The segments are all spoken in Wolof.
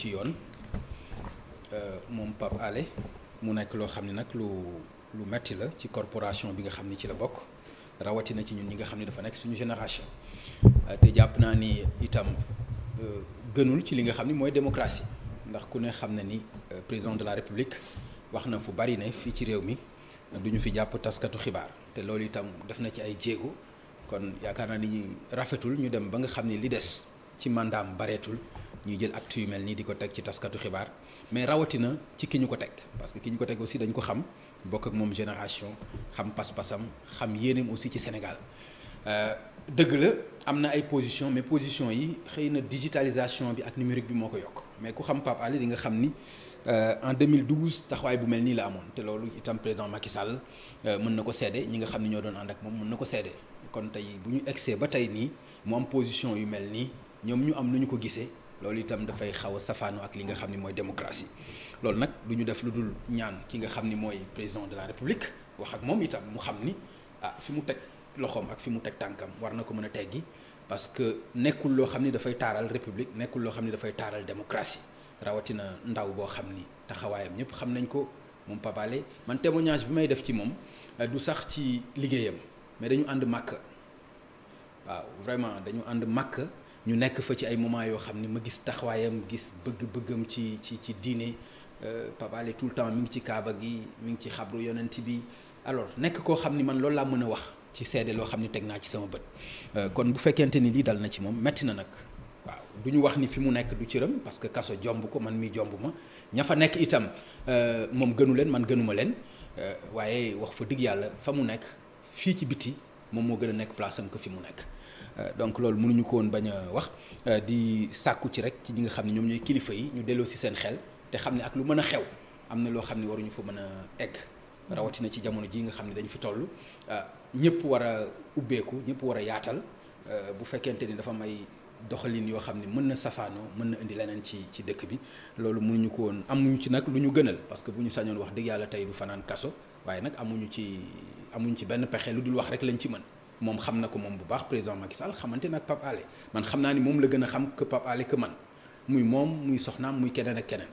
ci yoon euh, moom Pape Alé mu nekk loo xam ne nag lu lu metti la ci corporation bi nga xam ni ci la bokk rawatina ci ñun ñi nga xam ne dafa nekk suñu génération euh, te jàpp naa ni itam euh, gënul ci li nga xam ni mooy démocratie ndax ku ne xam ne ni président de la république wax na fu bari ne fii ci réew mi duñu fi jàpp taskatu xibaar te loolu itam def na ci ay jéego kon yaakaar naa ni rafetul ñu dem ba nga xam ne li des ci mandaam bareetul ñuy jël actes yu mel nii di ko teg ci taskatu xibaar mais rawatina ci ki ñu ko teg parce que ki ñu ko teg aussi dañ ko xam bokk ak moom génération xam pas-pasam xam yéeneem aussi ci Sénégal euh, dëgg la am na ay position mais position yi xëy na digitalisation bi ak numérique bi moo ko yokk mais ku xam Pape Alé di nga xam ni euh, en 2012 taxawaay bu mel nii la amoon te loolu itam président Macky Sall euh, mën na ko seede ñi nga xam ne ñoo doon ànd ak moom mën na ko seede kon tey bu ñu egsee ba tey nii mu position yu mel nii ñoom ñu am nu ñu ko gisee loolu itam dafay xaw a ak li nga xam ni mooy démocratie loolu nag du ñu def lu dul ñaan ki nga xam ni mooy président de la république wax ak moom itam mu xam ni ah fi mu teg loxoom ak fi mu teg tànkam war na ko mën a teggi parce que nekkul loo xam ni dafay taaral république nekkul loo xam ni dafay taaral démocratie rawatina ndaw boo xam ni taxawaayam ñëpp xam nañ ko moom Pape Alé man témoignage bi may def ci moom euh, du sax ci liggéeyam mais dañu ànd màkk waaw vraiment dañu ànd màkk ñu nekk fa ci ay moment yoo xam ne ma gis taxawaayam gis bëgg-bëggam ci ci ci diine euh, Pape Alé tout le temps mi ngi ci kaaba gi mu ngi ci xabru yonent bi alors nekk koo xam ni man loolu laa mën a wax ci seede loo xam ni teg naa ci sama bët euh, kon bu fekkente ni lii dal na ci moom metti na nag waaw du ñu wax ni fi mu nekk du cëram parce que kaso jomb ko man mii jomb ma ña fa nekk itam euh, moom gënu leen man gënuma leen waaye wax fa dëgg yàlla fa mu nekk fii ci biti moom moo gën a nekk place am que fi mu nekk euh, donc loolu mënuñu ko woon bañ a wax euh, di sàkku ci rek ci ñi nga xam ne ñoom ñooy kilifa yi ñu delloo si seen xel te xam ne ak lu mën a xew am na loo xam ne waruñu fa mën a egg rawatina ci jamono jii nga xam ne dañu fi toll euh, ñëpp war a ubbeeku ñëpp war a yaatal bu fekkente ni dafa may doxalin yoo xam ne mën na safaanoo mën na indi leneen ci ci dëkk bi loolu mënuñu ko woon amuñu ci nag lu ñu gënal parce que bu ñu sañoon wax dëgg yàlla tey du fanaan kaso waaye nag amuñu ci amuñu ci benn pexe lu dul wax rek lañ ci mën moom xam na ko moom bu baax président Macky Sall xamante nag Pape man xam naa ni moom la gën a xam que Pape Alé man muy moom muy soxnaam muy keneen ak keneen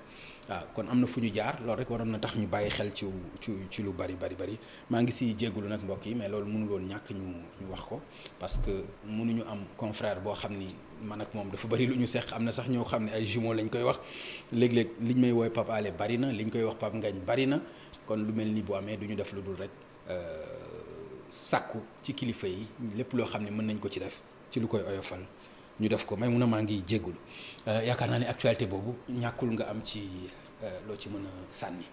waaw ah, kon am na fu ñu jaar loolu rek waroon na tax ñu bàyyi xel ci ci ci lu bari bari bari maa ngi si jégalu nag mbokk yi mais loolu mënul woon ñàkk ñu ñu wax ko parce que mënuñu am confrère boo xam ni man ak moom dafa bari lu ñu seq am na sax ñoo xam ne ay jumeaux lañ koy wax léeg-léeg liñ may woowee Pape Alé bari na liñ koy wax Pape Ngagne bari na kon lu mel ni bu amee du ñu def lu dul rek euh, sàkku ci kilifa yi lépp loo xam ne mën nañ ko ci def ci lu koy oyofal. ñu def ko may mun a maa ngi jéggulu euh, yaakaar naa ne actualité boobu ñàkkul nga am ci euh, loo ci mën a sànni